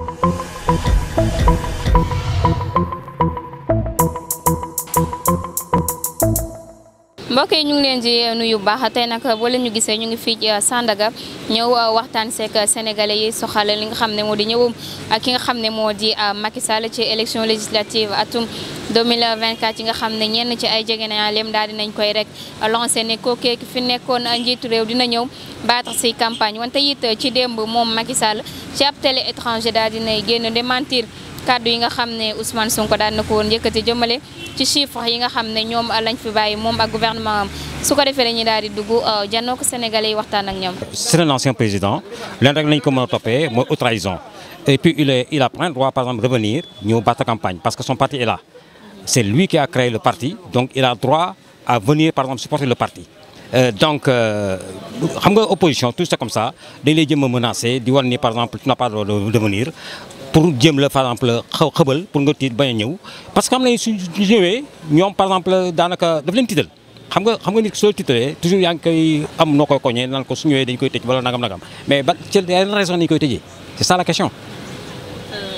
mbokk yi ñu ngi leen di nuyu baax tey nag boo leen ñu gisee ñu ngi fii ci Sandaga ñëw uh, waxtaan seek sénégalais yi soxal li nga xam ne moo di ñëwum ak ki nga xam ne moo di uh, Macky Sall ci élection législative atum 2024 yi nga xamné ñen ci ay jegenaaleem daal dinañ koy rek lancer né ko ki fi nékkon njiitu réew dina ñëw battre ci campagne wante it ci démb mom Macky Sall ci ab télé étranger daal dinay génn mentir kàddu yi nga xamné Ousmane Sonko daal nako won yëkëti yëkkati ci chiffres yi nga xamné ñom lañ fi bayyi mom ak gouvernement am su ko defee dañuy daal di dugg euh, jànnoo ko sénégalais yi waxtaan ak ñom c'est un ancien président lén rek lañ ko mëna topé mo mooy trahison et puis il est il a plein droit par exemple revenir ñëw battre campagne parce que son parti est là. C'est lui qui a créé le parti, donc il a droit à venir, par exemple, supporter le parti. Euh, donc, euh, l'opposition, tout ça comme ça, les les me menacer, de ni par exemple, tu n'as pas le droit de venir, pour jëm le par exemple xëbal pour nga tiit bañ parce que xam ne su ñëwee par exemple dans daf leen titre. xam nga xam nga toujours il y un am noo koy koñee ko su dañ koy tëj wala nagam nagam mais ba ci raison dañ koy c'est ça la question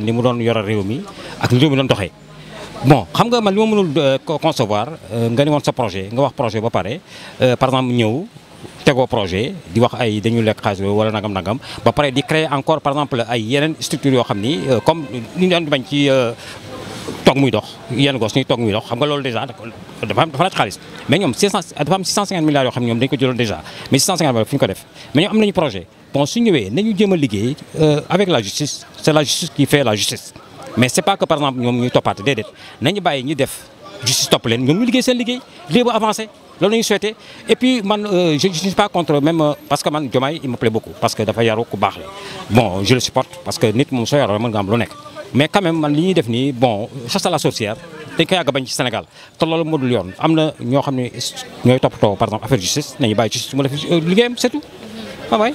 ni mu doon yore réew mi ak réew mi doon doxee bon xam nga man li ma mënul euh, concevoir euh, nga ni woon sa projet nga wax projet ba pare euh, par exemple ñëw tegoo projet di wax ay dañu lekk xaalis wala nangam nangam ba pare di créer encore par exemple ay yeneen structure yoo xam ni comme ni ñu daan bañ ci toog muy dox yenn gos ñuy toog muy dox xam nga loolu déjà dafa am dafa laaj xaalis mais ñoom 600 dafa am 650 milliards yoo xam ne ñoom dañu ko jëloon déjà mais 650 milliards fu ñu ko def mais ñoom am nañu projet bon su ñëwee nañu jéem avec la justice c'est la justice qui fait la justice mais c'est pas que par exemple ñoom ñuy toppaate déedéet nañu bàyyi ñu def justice top leen ñoom ñu liggéey seen liggéey lii ba avancé ñu souhaité et puis man euh, je ne suis pas contre même euh, parce que man Diomaye il me plaît beaucoup parce que dafa Yaro ku bon je le supporte parce que nit moom soo yaroo mën lu mais quand même man li ñuy def bon ça à la sorcière dañ ko yàgg bañ ci Sénégal te loolu moo dul yoon am na ñoo xam ne par exemple affaire justice nañu bàyyi justice mu def euh, c'est tout waaw ah waay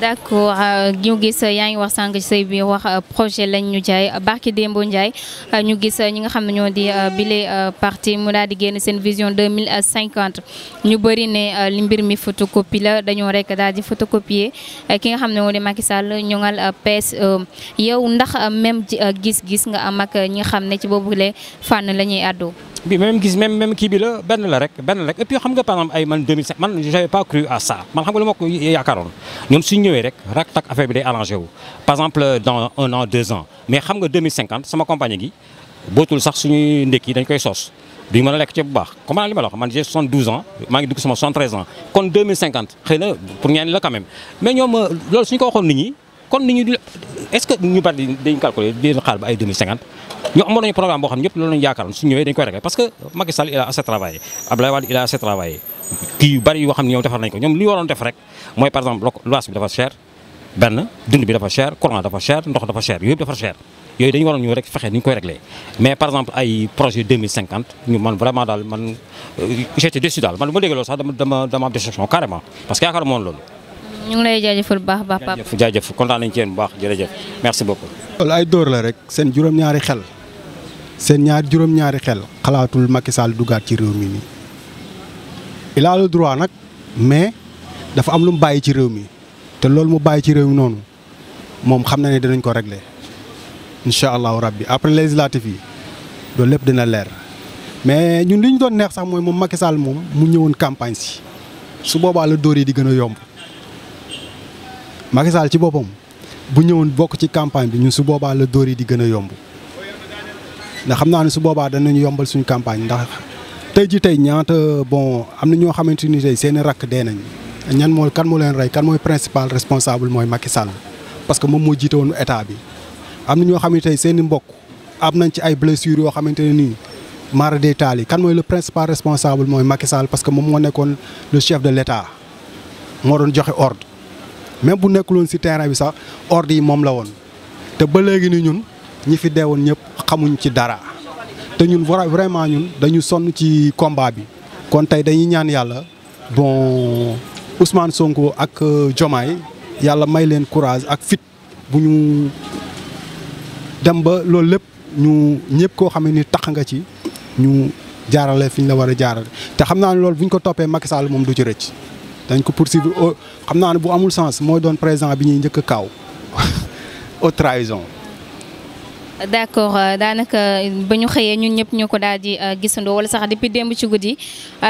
d'accord euh, ñu gis yaa ngi wax sànq say bi wax euh, projet lañ ñu jaay barki Dembo Ndiaye euh, ñu gis ñi nga xam ne ñoo di bile partie mu daal di génn seen vision deux mille 2050 ñu bëri ne li mbir mi photocopie la dañoo rek daal di photocopier ki nga xam ne moo di Macky Sall ñu ngal PS e. yow ndax même gis-gis nga am ak ñi nga xam ne ci boobu boobule fànn la ñuy àddoo bi même qui même même ben bi la la rek ben rek et puis xam nga par exemple ay man 2007 man j'avais pas cru à ça man xam nga lu ma ko yaakaaroon ñoom suñ ñëwee rek rak tak affaire bi day arrangé wu par exemple dans un an deux ans mais xam nga 2050 sama compagnie gi botul sax ndek yi dañ koy soos duñu mëna lek ci bu baax comment li ma la wax man j'ai 72 ans maa ngi dugg sama 73 ans kon 2050 xëy na pour ñaan la quand même mais ñom euh, loolu suñu ko waxon nit ñi kon nit ñi est-ce que ñu bari dañ calculer di xaar ba ay 2050 ñu amoon nañu programme boo xam ne ñëpp loolu lañu yaakaaroon parce que Macky Sall il a assez travaillé Abdoulaye Wade il a assez travaillé kii yu bëri yoo ñoom defar nañu ko ñoom li waroon def rek mooy par exemple loyer bi dafa cher benn dund bi dafa cher courant dafa cher ndox dafa cher yooyu yëpp dafa cher yooyu dañu waroon ñu rek fexe ni ñu koy réglé mais par exemple ay projet 2050 ñu man vraiment euh, parce que yaakaar moon loolu ñu ngi lay jaajëfal bu baax baax papa. jaajëf jaajëf kontaan nañu ci yéen bu baax jërëjëf merci beaucoup. loolu ay dóor la rek seen juróom-ñaari xel seen ñaar juróom-ñaari xel xalaatul Macky Sall dugaat ci réew mi nii il a nag mais dafa am lu mu bàyyi ci réew mi te loolu mu bàyyi ci réew mi noonu moom xam na ne dinañ ko régler incha allahu rabbi après législatif yi loolu lépp dina leer mais ñun li ñu doon neex sax mooy moom Macky Sall moom mu ñëwoon campagne si su boobaa la dóor yi di gën a yomb. Macky ci boppam bu ñëwoon bokk ci campagne bi ñun su boobaa la dóor yi di gën a yomb ndax xam naa ne su boobaa danañu yombal suñu campagne ndax tey ji tey ñaata bon am na ñoo xamante ni tey seen rakk dee nañ ñan moo kan moo leen rey kan mooy principal responsable mooy Macky parce que moom moo jiite woon état bi am na ñoo xam ne seen i mbokk am nañ ci ay blessures yoo xamante ne nii mara day taal kan mooy le principal responsable mooy Macky parce que moom moo nekkoon le chef de l' moo doon joxe ordre même bu nekk loon si terrain bi sax ordre yi moom la woon te ba léegi ni ñun ñi fi dee woon ñëpp xamuñ ci dara te ñun vraiment ñun dañu sonn ci combat bi. kon tey dañuy ñaan yàlla bon Ousmane Sonko ak euh, Diomaye yàlla may leen courage ak fit bu ñu dem ba loolu lépp ñu ñëpp koo xam ne ni tax nga ci ñu jaarale fi ñu la war a jaarale te xam naa ne loolu bu ñu ko toppee Macky Sall moom du ci rëcc. dañ ko poursuivre au xam naa ne bu amul sens mooy doon président bi ñuy njëkk a au trahison. d' accord euh, daanaka euh, ba ñu xëyee ñun ñëpp ñoo ko daal di euh, gisandoo wala sax depuis démb ci guddi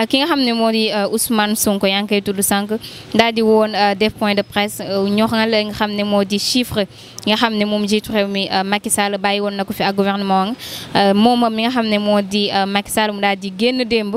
ki nga xam ne moo di Ousmane Sonko yaa ngi koy tudd sànq daal di woon def point de presse ñoo xam nga xam ne moo di chiffre nga xam ne moom jiitu réew mi Macky Sall bàyyi woon na ko fi ak gouvernement moom mi nga xam ne moo di Macky Sall mu daal di génn démb.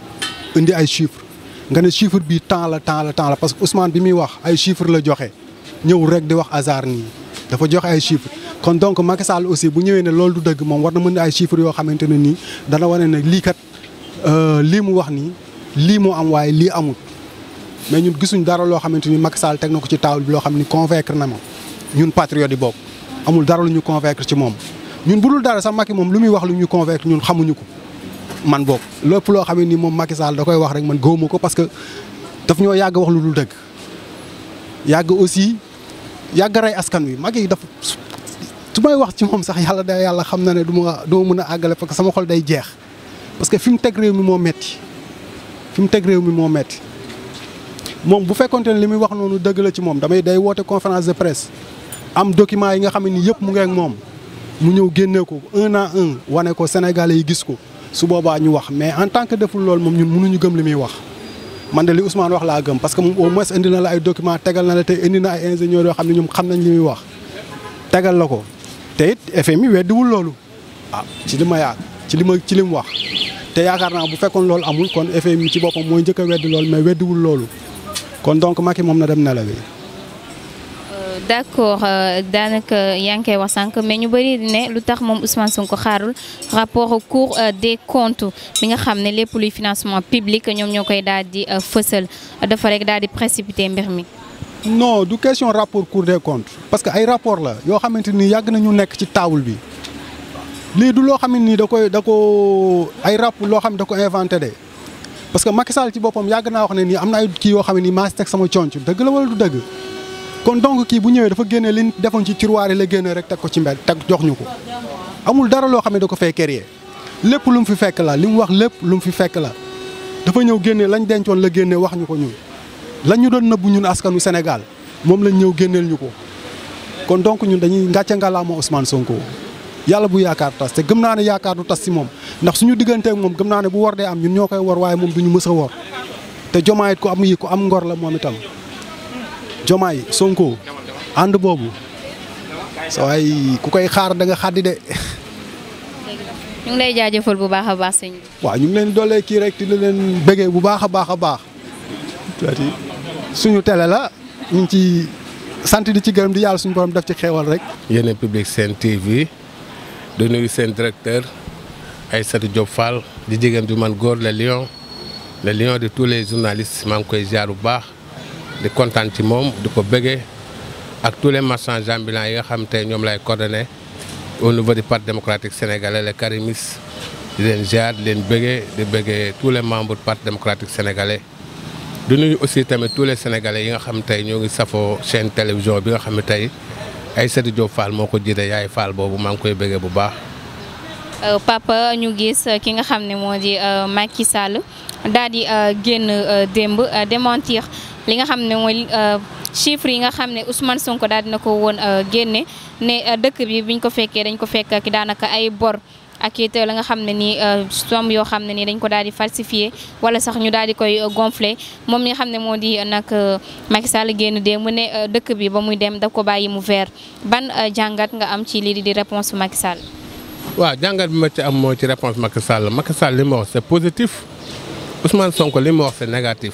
indi ay chiffres nga ne chiffre bii temps la temps la temps la parce que Ousmane bi muy wax ay chiffres la joxe ñëw rek di wax hasard nii dafa joxe ay chiffres. kon donc Macky Sall aussi bu ñëwee ne loolu du dëgg moom war na mën ay chiffres yoo xamante ne nii dana wane ne lii kat euh, lii mu wax nii lii mu am waaye lii amul mais ñun gisuñ dara loo xamante ni Macky Sall teg na ko ci table bi loo xam ni convaincre na ma ñun patriote yi boobu amul dara lu ñu convaincre ci moom ñun bu dul dara sax moom lu muy wax lu ñu convaincre ñun xamuñu ko. man boobu lépp loo xam ne ni moom Macky Sall da koy wax rek man gëwuma ko parce que daf ñoo yàgg wax lu dul dëgg yàgg aussi yàgg rey askan wi mag yi daf su may wax ci moom sax yàlla day yàlla xam na ne du ma du mën a àggale parce que sama xol day jeex parce que fi mu teg réew mi moo metti fi mu teg réew mi moo metti moom bu fekkonte ne li muy wax noonu dëgg la ci moom damay day woote conférence de presse am document yi nga xam ni yëpp mu ngi ak moom mu ñëw génne ko un wane ko sénégalais yi gis ko. su boobaa ñu wax mais en tant que deful loolu moom ñun mënuñu gëm li muy wax man de li Ousmane wax laa gëm parce que moom au moins indi na la ay documents tegal na la te indi na ay ingénieurs yoo xam ne ñoom xam nañ li muy wax tegal la ko te it FMI weddiwul loolu ah ci li ma yaag ci li ma ci li mu wax te yaakaar naa bu fekkoon loolu amul kon FMI ci boppam mooy njëkk a weddi loolu mais weddiwul loolu kon donc Macky moom na dem nelawi d'accord euh, daanaka yaa ngi koy wax sànq mais ñu bëri ne lu tax moom Ousmane ko xaarul rapport au cours euh, de comptes bi nga xam ne lépp luy financement public ñoom ñoo koy daal di euh, fësal dafa rek daal di précipiter mbir mi. no du question rapport cours des comptes parce que ay rapport la yoo xamante ni yàgg nañu nekk ci table bi lii du loo xam nii da koy da ko ay rapp loo xam da ko inventé de. parce que Macky Sall ci boppam yàgg naa wax ne nii am na ay kii yoo xam ne nii maa si teg sama conc la wala du dëgg kon donc kii bu ñëwee dafa génne li defoon ci tiroir yi la génne rek teg ko ci mbedd teg jox ñu ko amul dara loo xam ne da ko fay créer lépp lu mu fi fekk la li mu wax lépp lu mu fi fekk la dafa ñëw génne lañ dencoon la génne wax ñu ko ñun lañ ñu doon nëbbu ñun askanu Sénégal moom lañ ñëw génneel ñu ko kon donc ñun dañuy ngàcce ngalaama Ousmane Sonko yàlla bu yaakaar tas te gëm naa ne yaakaar du tas si moom ndax suñu digganteeg moom gëm naa ne bu war dee am ñun ñoo koy war waaye moom du ñu mës war te jomaayit ko am yi ko am ngor la moom itam Jomaay Sonko ànd boobu sa waay ku koy xaar danga nga xaddi de. ñu ngi lay jaajëfal bu baax a baax waaw ñu ngi leen doolee kii rek leen bëggee bu baax a baax a baax. suñu tele la ñu ngi ci sant di ci gërëm di yàlla suñu borom def ci xeewal rek. yéen public seen TV di nuyu seen directeur Aïssatou Diop Fall di jigéen bi man góor la lion le lion de tous les journalistes maa ngi koy ziar bu baax. di kontaan ci moom ak tous les marchands ambulants yi nga xam tey ñoom lay coordonné au niveau du parti démocratique sénégalais les Karimis di leen ziar di leen bëggee di bëggee tous les membres du parti démocratique sénégalais. di nuyu aussi tamit tous les sénégalais yi nga xam tey ñoo ngi chaîne télévision bi nga xam ne tey Aïssatou Diop Fall moo ko jiite yaay Fall boobu maa ngi koy bëggee bu baax. Euh, papa ñu gis ki nga xam ne moo di euh, Macky Sall daal di euh, génn démb démentir. li nga xam ne mooy euh, chifre yi nga xam ne Ousmane Sonko daal dina ko woon euh, génne ne euh, dëkk bi biñ ko fekkee dañ ko fekk ki daanaka ay bor ak it la nga xam ne nii somme yoo xam ne nii dañ ko daal di falsifié wala sax ñu daal di koy gonflé moom mi nga xam ne moo di nag Macky Sall génn dee mu ne dëkk bi ba muy dem da ko bàyyi mu veer ban jàngat nga am ci lii di réponse Macky waaw jàngat bi ma ci am moo ci réponse Macky Sall Macky Sall li ma wax c'est positif Ousmane Sonko li ma wax c'est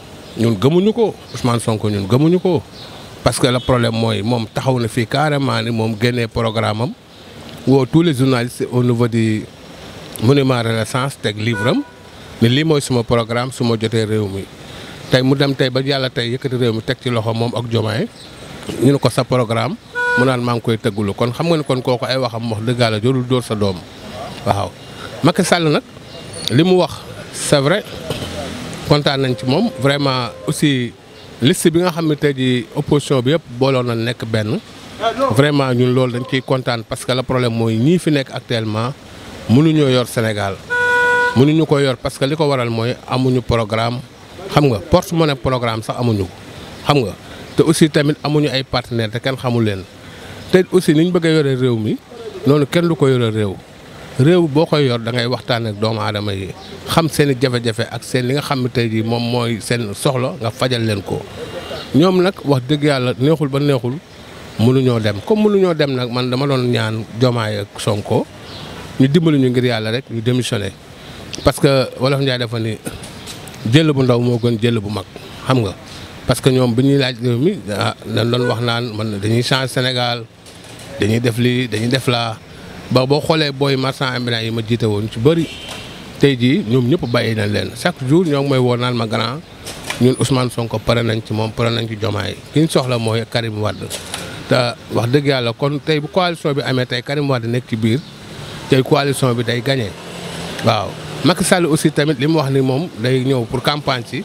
ñun gëmuñu ko Ousmane Sonko ñun gëmuñu ko parce que le problème mooy moom taxaw na fii carrément ni moom génnee programme am woo tous les journalistes au niveau du monument renaissance teg livre am ni lii mooy suma programme su ma jotee réew mi tey mu dem tey ba yàlla tey yëkkati réew mi teg ci loxo moom ak Diomaye ñu ne ko sa programme mu naan maa ngi koy tëggulu kon xam nga ne kon kooku ay waxam wax dëgg yàlla jorul dóor sa doom waaw Macky Sall nag li mu wax c'est kontaan nañ ci moom vraiment aussi liste bi nga xam ne tey ji opposition bi yëpp booloon na nekk benn vraiment ñun loolu dañ ciy kontaan parce que le problème mooy ñii fi nekk actuellement mënuñoo yor Sénégal mënuñu ko yor parce que li ko waral mooy amuñu programme xam nga porte-monnaie programme sax amuñu ko xam nga te aussi tamit amuñu ay partenaires te kenn xamul leen te aussi niñ bëgg a yore réew mi noonu kenn du ko yore réew. réew boo koy yor da ngay waxtaan ak doomu aadama yi xam seen i jafe-jafe ak seen li nga xam ne tey jii moom mooy seen soxla nga fajal leen ko ñoom nag wax dëgg yàlla neexul ba neexul mënuñoo dem comme ñoo dem nag man dama doon ñaan Diomaye ak Sonko ñu dimbali ñu ngir yàlla rek ñu démissionné parce que wolof Njaay dafa ni jël bu ndaw moo gën jël bu mag xam nga parce que ñoom bi ñuy laaj réew mi ah, dañ doon wax naan man dañuy change Sénégal dañuy def lii dañuy def laa ba boo xoolee booy marchand ambulant yi ma jiite woon ci bëri tey jii ñoom ñëpp bàyyi nañ leen chaque jour ñoo ngi may woo naan ma grand ñun Ousmane Sonko pare nañ ci moom pare nañ ci Diomaye ki ñu soxla mooy Karim Wade te wax dëgg yàlla kon tey bu coalition bi amee tey Karim Wade nekk ci biir tey coalition bi day gagné waaw Macky Sall aussi tamit li mu wax ni moom day ñëw pour campagne ci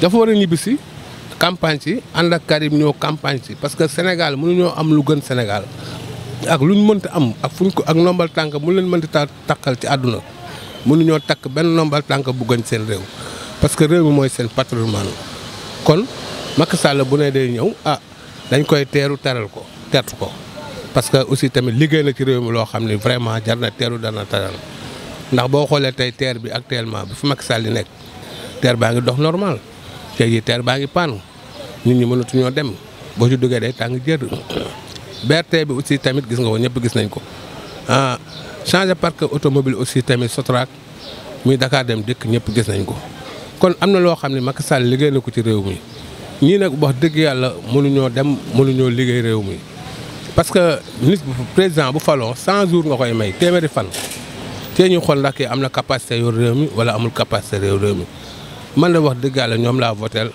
dafa war a ñibbi si ci ànd ak Karim ñëw campagne ci parce que Sénégal mënuñoo am lu gën Sénégal ak lu ñu mënta am ak fuñ ko ak nombal tànk mu leen mënta takkal ci àdduna mënuñoo takk benn nombal tànk bu gën seen réew parce que réew bi mooy seen patrimoine kon Macky Sall bu ne day ñëw ah dañ koy teeru teral ko tertu ko parce que aussi tamit liggéey na ci réew mi loo xam ne vraiment jar na teeru dana teral ndax boo xoolee tey teer bi actuellement bi fi Macky Sall di nekk teer baa ngi dox normal tey jii teer baa ngi paanu nit ñi mënatuñoo dem boo ci duggee day tàng jër BRT bi aussi tamit gis nga ko ñëpp gis nañ ko ah changé parc automobile aussi tamit Sotrac muy dakaar dem dëkk ñëpp gis nañ ko. kon am na loo xam ne Macky Sall liggéey na ko ci réew mi ñii nag wax dëgg yàlla mënuñoo dem mënuñoo liggéey réew mi parce que nit bu président bu faloo 100 jours nga koy may téeméeri fan. tey ñu xool ndax kii am na capacité yor réew mi wala amul capacité réew réew mi man la wax dëgg yàlla ñoom laa votel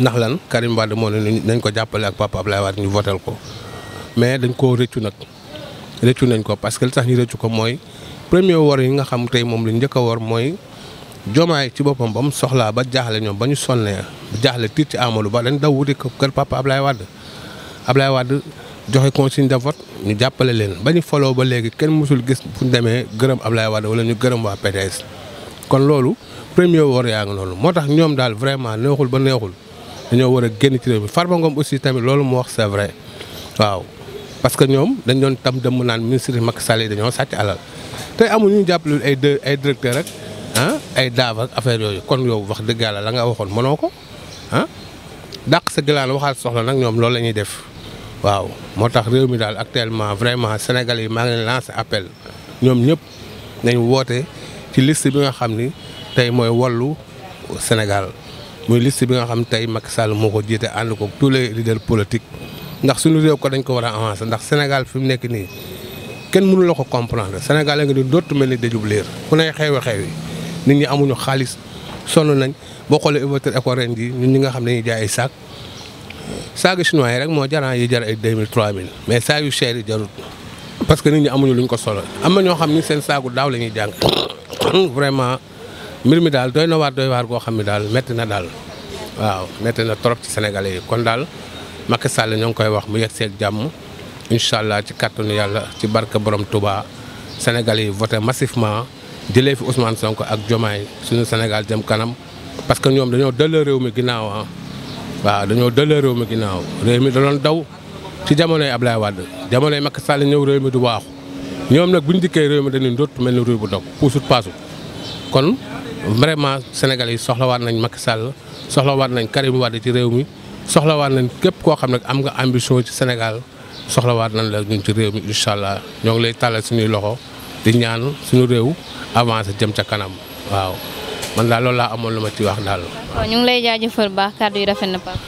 ndax lan Karim Wade moo ne nañ ko jàppale ak papa Abdoulaye ñu votel ko. mais dañ koo rëccu nag rëccu nañ ko parce que li tax ñu rëccu ko mooy premier wor yi nga xam tey moom la njëkk a wor mooy jomaay ci boppam ba mu soxlaa ba jaaxle ñoom ba ñu sonnee jaaxle tiit ci Amadou Ba dañ daw wuti kër papa Ablaye Wade Ablaye Wade joxe consigne de vote ñu jàppale leen ba ñu foloo ba léegi kenn mosul gis bu ñu demee gërëm Ablaye Wade wala ñu gërëm waa PDS kon loolu premier wor yaa ngi noonu moo tax ñoom daal vraiment neexul ba neexul dañoo war a génn ci réew mi Farba Ngom aussi tamit loolu mu wax c'est waaw parce que ñoom dañ doon tam dem mu naan ministre yi Macky yi dañoo sàcc alal tey amuñu ñu jàppale ay ay directeur ak ah ay daaf ak yooyu kon yow wax dëgg yàlla la nga waxoon mënoo ko ah dàq sa gilaan waxaat soxla nag ñoom loolu lañuy def waaw moo tax réew mi daal actuellement vraiment Sénégal yi maa ngi leen appel ñoom ñëpp nañ woote ci liste bi nga xam ni tey mooy wallu Sénégal muy liste bi nga xam tey Macky Sall moo ko jiite ànd ko tous les leaders politiques ndax suñu réew ko dañ ko war a avancer ndax Sénégal fi mu nekk nii kenn mënu la ko comprendre Sénégal la nga di dootu mel ni dëjub liir ku nay xewi xewi nit ñi amuñu xaalis sonn nañ boo xoolee ouverture éco ren yi ñun ñi nga xam ne dañuy jaay ay saag saag chinois yi rek moo jaraan yi jar ay 2000 3000 mais saa yu cher yi jarut parce que nit ñi amuñu luñ ko solo am na ñoo xam ni seen saagu daaw la ñuy jàng vraiment mbir mi daal doy na waar doy waar goo xam ne daal métti na daal waaw métti na trop ci sénégalais yi kon daal. Macky Sall ñoo ngi koy wax mu yegg jàmm incha allah ci kàttanu yàlla ci barke borom Touba Sénégal yi voté massivement jëlee fi Ousmane Sonko ak Diomaye suñu Sénégal jëm kanam parce que ñoom dañoo delloo réew mi ginnaaw ah waaw dañoo delloo réew mi ginnaaw réew mi da doon daw ci jamonoy Ablaye Wade jamonoy Macky Sall ñëw réew mi du waaxu ñoom nag bu ñu dikkee réew mi dañuy ndóot mel ni ruy bu dog puusut paasu kon vraiment Sénégal yi soxlawaat nañ Macky Sall soxlawaat nañ Karim Wade ci réew mi. soxlawaat nañ képp koo xam ne am nga ambition ci Sénégal soxlawaat nañ la ñun ci réew mi incha allah ñoo ngi lay tàllal suñuy loxo di ñaan suñu réew avancé jëm ca kanam waaw man daal lool laa amoon lu ma ci wax daal. waaw ñu ngi lay jaajëfal baax kàddu yi rafet na Pape.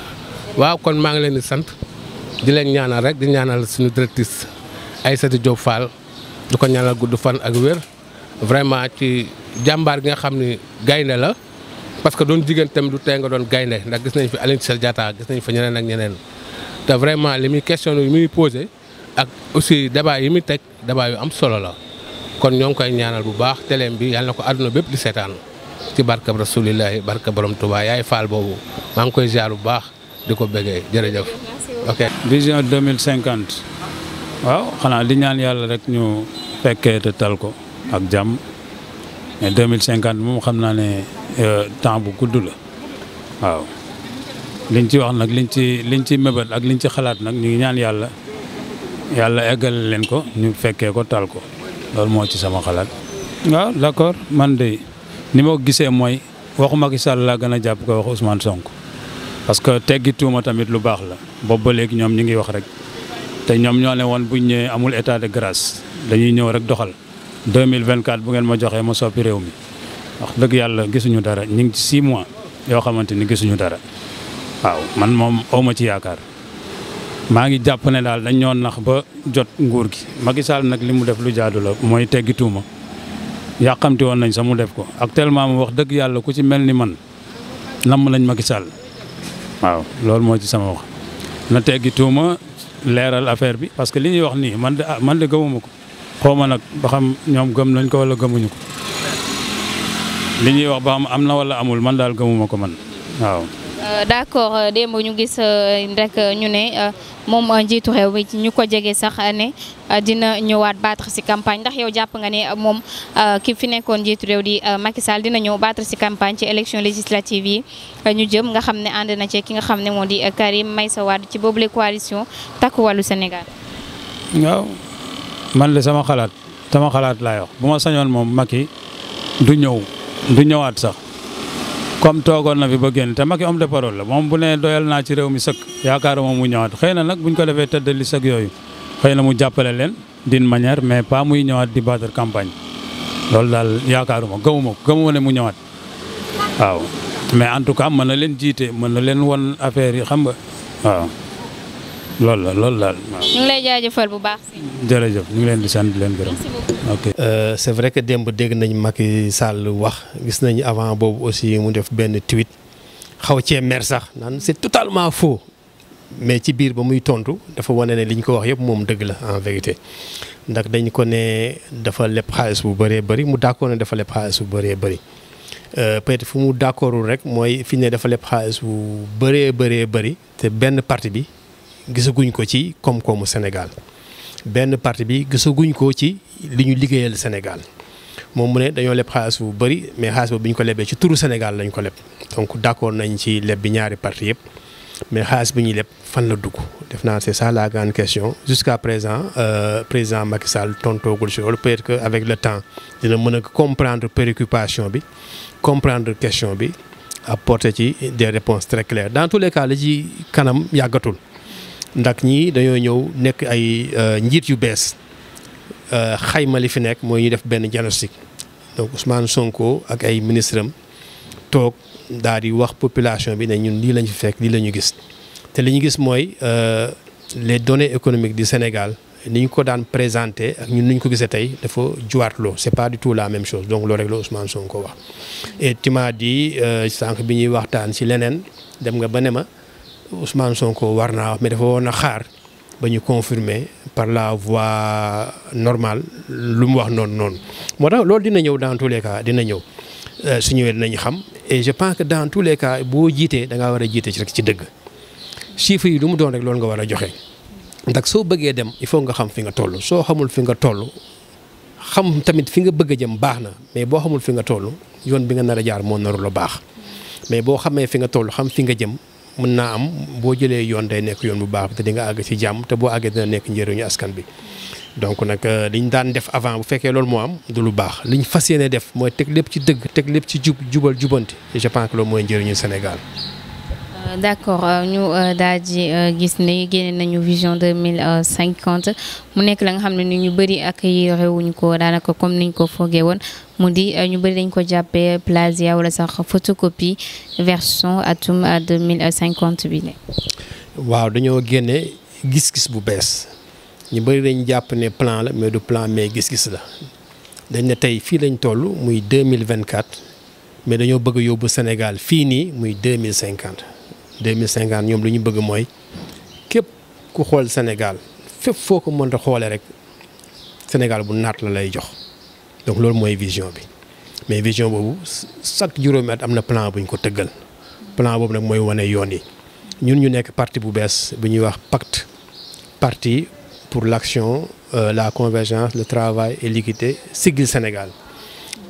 waaw kon maa ngi leen di sant di leen ñaanal rek di ñaanal suñu directrice ay Diop Fall di ko ñaanal gudd fan ak wér vraiment ci jàmbaar gi nga xam ni gaynde la. parce que doon jigéen tamit du tey doon gaynde ndax gis nañ fi Aline Sall Diatta gis nañ fa ñeneen ak ñeneen te vraiment li muy question yi muy ak aussi débat yi muy teg débat yu am solo la kon ñoo ngi koy ñaanal bu baax teleem bi yàlla na ko na bépp di seetaan ci barkab rasulillahi barka borom Touba yaay faal boobu maa ngi koy jaar bu baax di ko bëggee jërëjëf. ok vision 2050 waaw xanaa di ñaan yàlla rek ñu fekkee te tal ko ak jàmm mais 2050 moom xam naa ne. Eh, temps bu gudd la waaw liñ ci wax nag liñ ci liñ ci mébal ak liñ ci xalaat nag ñu ngi ñaan yàlla yàlla eggale leen ko ñu fekkee ko tal ko loolu moo ci sama xalaat. waaw d'accord man de ni ma ko gisee mooy waxu Macky Sall laa gën a ko wax Ousmane Sonko parce que teggi tuuma tamit lu la ngi wax rek te ñoom ñoo ne bunye amul état de grâce dañuy dohal. rek doxal 2024 bu ngeen ma joxee ma soppi réew mi wax deug yalla gisunu dara ñi ngi ci six mois yo xamanteni gisunu dara waaw man mom awma ci yaakar ma ngi japp ne dal dañ ñoon nax ba jot nguur gi Macky Sall nak limu def lu jaadu la moy teggi tuuma yàqamti woon nañ sa mu def ko tellement mu wax deug yalla ku ci mel ni man lam lañ Macky Sall waaw lool mo ci sama wax na teggi tuuma leeral affaire bi parce que li ñuy wax ni man de ah, man de gëmuma ko xaw ma ba xam ñom gëm nañ ko wala gëmuñu ko li ñuy wax ba xam am na wala amul man daal gëmuma ko man waaw. Euh, d'accord euh, démb ñu gis euh, rek ñu ne moom njiitu réew mi ñu ko jege sax ne dina ñëwaat battre ci campagne ndax yow jàpp nga ne moom ki fi nekkoon njiitu réew di Macky Sall dina ñëw battre ci campagne ci élection législative yi ñu jëm nga xam ne ànd na ci ki nga xam ne moo di Karim sa Wade ci boobule coalition takk Wallu Sénégal. waaw man de sama xalaat sama xalaat laa wax bu ma sañoon moom Macky du ñëw. du ñëwaat sax comme toogoon na bi ba génn te Macky homme de parole la moom bu ne doyal naa ci réew mi sëkk yaakaaruma mu ñëwaat xëy na nag buñ ko defee tëdd li sëkk yooyu xëy na mu jàppale leen d'une manière mais pas muy ñëwaat di battre campagne loolu daal yaakaaruma gëmuma ko gëmuma ne mu ñëwaat waaw mais en tout cas mën na leen jiite mën na leen won affaire yi xam nga waaw. loolu la loolu laal waaw. ñu ngi baax jërëjëf ñu ngi leen di sant di leen gërëm. ok. Euh, c' est vrai que démb dégg nañ Macky Sall wax gis nañu avant boobu aussi mu def benn tweet xaw cee mer sax naan c' est totalement faux mais ci biir ba muy tontu dafa wane ne li ñu ko wax yëpp moom dëgg la en vérité ndax dañ ko ne dafa lepp xaalis bu bëree bari mu d' accord ne dafa leb xaalis bu bëree bëri. Euh, peut-être fu mu d' accordul rek mooy fi ne dafa leb xaalis bu bëree bëree bëri te benn parti bi. gisaguñ ko ci comme au Sénégal Ben parti bi gisaguñ ko ci liñu Sénégal Mon mu ne les leb xaalis bu bari mais xaalis boobu bi ko lebbé ci Sénégal lañ ko lepp donc d'accord nañ ci lebb bi ñaari parti yépp mais xaalis bi ñuy fan la dugg def c'est ça la grande question jusqu'à présent euh, président Macky Sall tontoogul si loolu peut-être que avec le temps dina mën comprendre préoccupation bi comprendre question bi apporter ci des réponses très claires dans tous les cas li ci kanam yàggatul ndax ñii dañoo ñëw nekk ay euh, njiit yu bees euh, xayma li fi nekk mooy ñu def benn diagnostic donc Ousmane Sonko ak ay ministre am toog daal di wax population bi ne ñun lii lañu fi fekk lii la ñu gis te li ñu gis mooy euh, les données économiques du Sénégal ni ñu ko daan présenté ak ñun ni ko gisee tey dafa juwaatloo c'est pas du tout la même chose donc loo rek la Ousmane Sonko wax et di m'as sànq bi ñuy waxtaan ci leneen dem nga ba ne ma Ousmane Sonko war naa wax mais dafa na xaar ba ñu confirmer par la voie normal lu mu wax noonu noonu moo tax loolu dina ñëw dans tous les dina ñëw euh, su ñëwee dinañu xam et je que dans tous les cas boo jiitee dangaa ngaa war a jiite ci rek ci dëgg chiffres yi lu mu doon rek loolu nga war a joxe ndax soo bëggee dem il faut nga xam fi nga toll soo xamul fi nga tollu xam tamit fi nga bëgg a jëm baax na mais boo xamul fi nga toll yoon bi nga nar a jaar moo narul a baax mais boo xamee fi nga toll xam fi nga jëm. mën naa am boo jëlee yoon day nekk yoon bu baax te di nga àgg ci jàmm te boo àggee dina nekk njëriñu askan bi. donc nag euh, liñ daan def avant bu fekkee loolu moo am du lu baax liñ fas yéene def mooy teg lépp ci dëgg teg lépp ci jub jubal jubanti et je pense loolu mooy njëriñu Sénégal. Euh, d'accord euh, ñu euh, daal gis ne génne nañu vision 2050 mu nekk la nga xamné ni ñu bari ak rewuñ ko danaka comme niñ ko foogee woon mu di ñu bari dañ ko jappé plagiat wala sax photocopie version atum deux mille bi ne waaw dañoo génne gis-gis bu bess ñu bari dañ japp né plan la mais du plan mais gis-gis la dañ ne tay fi lañ tollu muy 2024 mais dañoo bëgg yóbbu Sénégal fini muy 2050 2050 ñom lu ñu bëgg moy képp ku xol Sénégal fépp foko ko mënta xoolee rek Sénégal bu nat la lay jox donc lool moy vision bi mais vision bobu chaque juróomi at amna plan buñ ko tëggal plan bobu nak moy wane yoon yi ñun ñu nekk parti bu bess bu ñuy wax pacte parti pour l'action euh, la convergence le travail et l'équité sigil Sénégal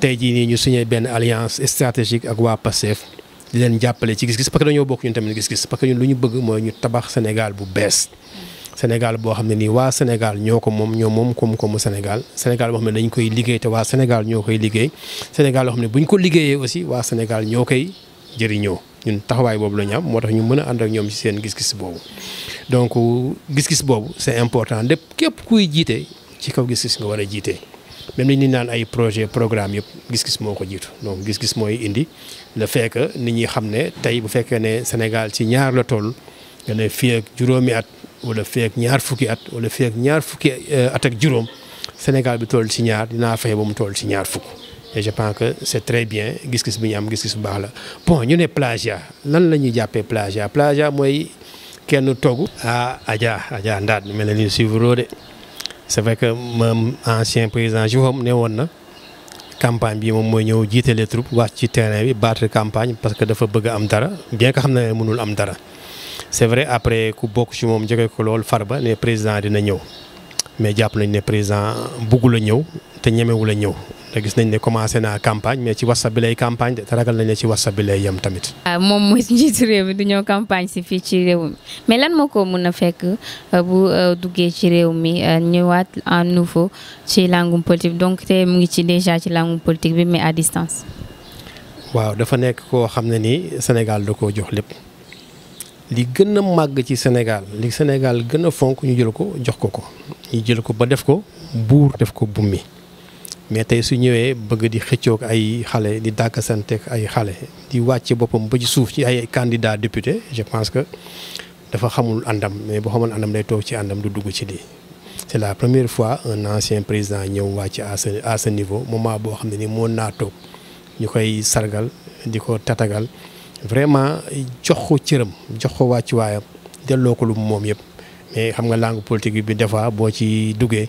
tay ji nii ñu signé ben alliance stratégique ak wa passef di leen jàppale ci gis-gis parce que dañoo bokk ñun tamit gis-gis parce ñun lu ñu bëgg mooy ñu tabax Sénégal bu bees. Sénégal boo xam ne nii waa Sénégal ñoo ko moom ñoo moom koom-koomu Sénégal Sénégal boo xam ne dañ koy liggéey te waa Sénégal ñoo koy liggéey Sénégal loo xam ne bu ñu ko liggéeyee aussi waa Sénégal ñoo koy jëriñoo ñun taxawaay boobu la ñu am moo tax ñu mën a ànd ak ñoom ci seen gis-gis boobu. donc gis-gis boobu c'est important lépp képp kuy jiite ci kaw gis-gis nga war a jiite même li ñuy naan ay projet programme yëpp gis-gis moo ko jiitu donc gis-gis mooy indi le fait que nit ñi xam ne tey bu fekkee ne Sénégal ci ñaar la tool nga ne fii ak juróomi at wala fii ak ñaar fukki at wala fii ak ñaar fukki euh, at ak juróom Sénégal bi toll ci ñaar dinaa fexe ba mu toll ci ñaar fukk et je pense que c'est très bien gis-gis bi ñu am gis-gis bu baax la bon ñu ne plagiat lan la ñuy jàppee plagiat plagiat mooy kenn togg ah Adja Adja Ndade mel na ni c'est vrai que moom ancien président Jérôme nee woon na campagne bi moom mooy ñëw jiite les troupes wàcc ci terrain bi battre campagne parce que dafa bëgg am dara bien que xam na ne mënul am dara c'est vrai après ku bokk ci moom jóge ko loolu Farba ne président dina ñëw mais jàpp nañ ne président bëggul a ñëw te ñemewu la ñëw te gis nañ ne commencé naa campagne mais ci whatsapp bi lay campagne te ragal nañ ne ci whatsapp bi lay yem tamit. ah moom mooy njiitu réew mi du ñëw campagne si fii ci réew mi mais lan moo ko mun a fekk euh, bu euh, duggee ci réew mi euh, ñëwaat à nouveau ci langum politique donc te mu ngi ci déjà ci langum politique bi mais à distance. waaw dafa nekk koo xam ne nii Sénégal da koo jox lépp li gën a màgg ci Sénégal li Sénégal gën a fonk ñu jël ko jox ko ko ñu jël ko ba def ko buur def ko mi mais tey su ñëwee bëgg di xëccoog ay xale di dàkkasanteeg ay xale di wàcce boppam ba ci suuf ci ay candidat député je pense que dafa xamul àndam mais boo xamoon àndam day toog ci àndam du dugg ci lii. c'est la première fois un ancien président ñëw wàcc à ce à niveau moment boo xam ne nii moo naa toog ñu koy sargal di ko tatagal vraiment jox ko cëram jox ko wàccuwaayam delloo ko lu moom yëpp mais xam nga langue politique bi des boo ci duggee.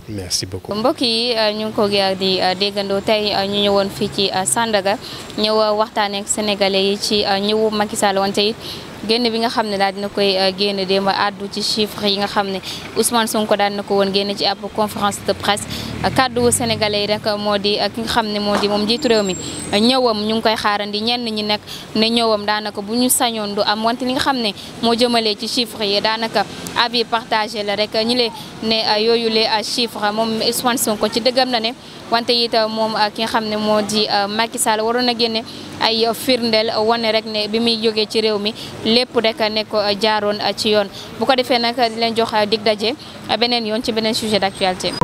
merci beaucoup mbokk yi euh, ñu ngi ko gaa di euh, déggandoo tey euh, ñu ñëwoon fii ci Sandaga ñëw waxtaanee ak yi ci ñëwu Macky Sall wante it génn bi nga xam ne daal dina koy génn démb àddu ci chiffre yi nga xam ne Ousmane Sonko daal dina ko woon génn ci ab conférence de presse kàddu sénégalais yi rek moo di ki nga xam ne moo di moom jiitu réew mi ñëwam ñu ngi koy xaarandi ñenn ñi nag ne ñëwam daanaka bu ñu sañoon du am wante li nga xam ne moo jëmalee ci chiffre yi daanaka avis partagé la rek ñi le ne yooyu les chiffre moom Ousmane ko ci dëggam na ne wante it uh, moom uh, ki nga xam ne moo di uh, Macky Sall waroon a génne ay firndeel wane rek ne bi muy jógee ci réew mi lépp rek a ko jaaroon ci yoon bu ko defee nag di leen jox dig daje beneen yoon ci beneen sujet d'actualité